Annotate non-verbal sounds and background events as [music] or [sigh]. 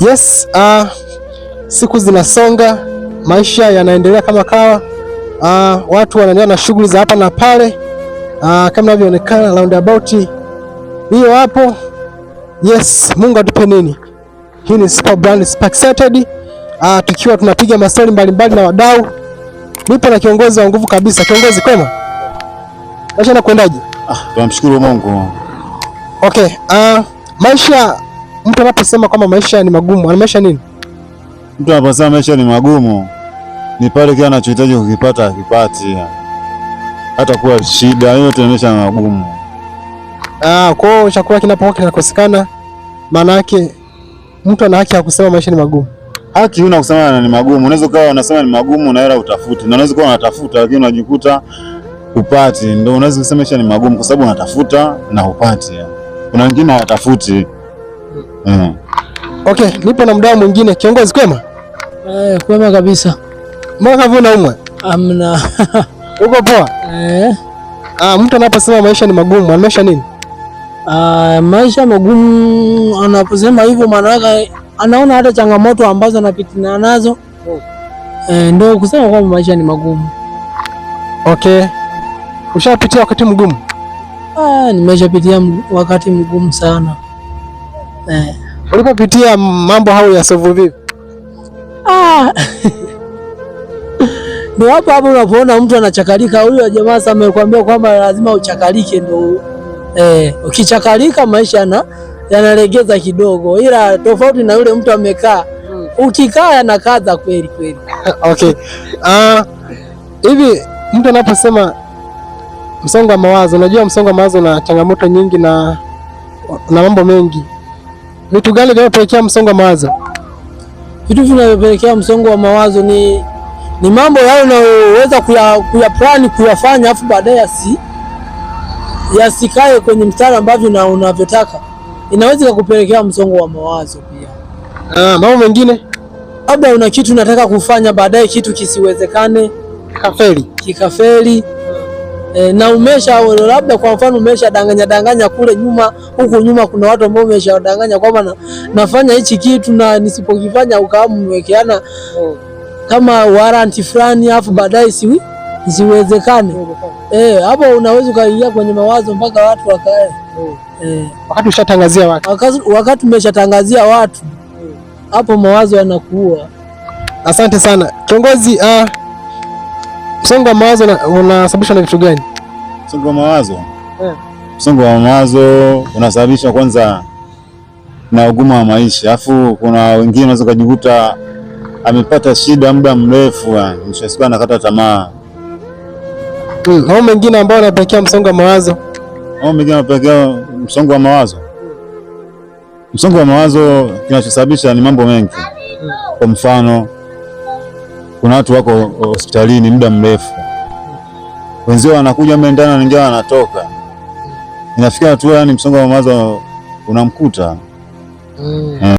Yes, uh, siku zinasonga, maisha yanaendelea kama kawa. Uh, watu wanaendelea na shughuli za hapa na pale. Uh, kama inavyoonekana roundabout hiyo hapo. Yes, Mungu atupe nini. Hii ni Super Brand Spark Saturday. Uh, tukiwa tunapiga maswali mbalimbali na wadau. Nipo na kiongozi wa nguvu kabisa. Kiongozi kwema? Acha na kuendaje? Ah, tunamshukuru Mungu. Okay, uh, maisha mtu anaposema kwamba maisha ni magumu anamaanisha nini? Mtu anaposema maisha ni magumu ni pale kile anachohitaji kukipata akipati, hata kuwa shida hiyo ni magumu. Ah, kwa hiyo chakula kinapokuwa kinakosekana, maana yake mtu ana haki ya kusema maisha ni magumu. Haki una kusema na ni magumu, unaweza ukawa unasema ni magumu na hela utafuti, na unaweza kuwa unatafuta lakini unajikuta upati, ndio unaweza kusema maisha ni magumu, kwa sababu unatafuta na upati. Kuna wengine hawatafuti Mm. Okay, nipo na mdau mwingine kiongozi, kwema? Eh, kwema kabisa. Mbona na umwe? Amna. [laughs] Uko poa? Eh. Ah, mtu anaposema maisha ni magumu, anamaanisha nini? Ah, maisha magumu anaposema hivyo maana yake anaona hata changamoto ambazo anapitina nazo. Oh. Eh, ndio kusema kwamba maisha ni magumu. Okay. Ushapitia wakati mgumu? Ah, nimeshapitia wakati mgumu sana eh. Ulipopitia mambo hayo ya sovu vipi? Ah. [laughs] Ndio hapo hapo unapoona mtu anachakalika, huyo jamaa sasa amekwambia kwamba lazima uchakalike, ndio eh, ukichakalika maisha na yanalegeza kidogo, ila tofauti na yule mtu amekaa, hmm. ukikaa yanakaza kweli kweli. [laughs] Okay. Ah, hivi mtu anaposema msongo wa mawazo, unajua msongo wa mawazo na changamoto nyingi na na mambo mengi Vitu gani vinavyopelekea msongo wa mawazo? Vitu vinavyopelekea msongo wa mawazo ni, ni mambo yale unayoweza kuya kuyafanya, afu baadaye yasi yasikae kwenye mstari ambavyo unavyotaka, inaweza kupelekea msongo wa mawazo pia. Ah, mambo mengine labda una kitu unataka kufanya, baadaye kitu kisiwezekane, kikafeli kikafeli E, na umesha labda kwa mfano umesha danganya danganya kule nyuma, huku nyuma kuna watu ambao umesha danganya kwamba na, nafanya hichi kitu na nisipokifanya ukawa mmewekeana kama warranty fulani afu baadaye siwi ziwezekane eh, hapo unaweza ukaingia kwenye mawazo mpaka watu wakae eh, wakati ushatangazia watu, wakati umeshatangazia watu hapo mawazo yanakuua. Asante sana kiongozi uh... Msongo wa mawazo unasababishwa na kitu gani? Msongo wa mawazo yeah. Msongo wa mawazo unasababishwa kwanza na ugumu wa maisha, alafu kuna wengine unaweza kujikuta amepata shida muda mrefu, ah, mwisho siku anakata tamaa. Mm, au mengine ambao anapelekea msongo wa mawazo au mengine anapelekea msongo wa mawazo. Msongo wa mawazo kinachosababisha ni mambo mengi, kwa mfano kuna watu wako hospitalini muda mrefu, wenzio wanakuja mendana, wengine wanatoka, inafikia hatua yani msongo wa mawazo unamkuta mm. Eh.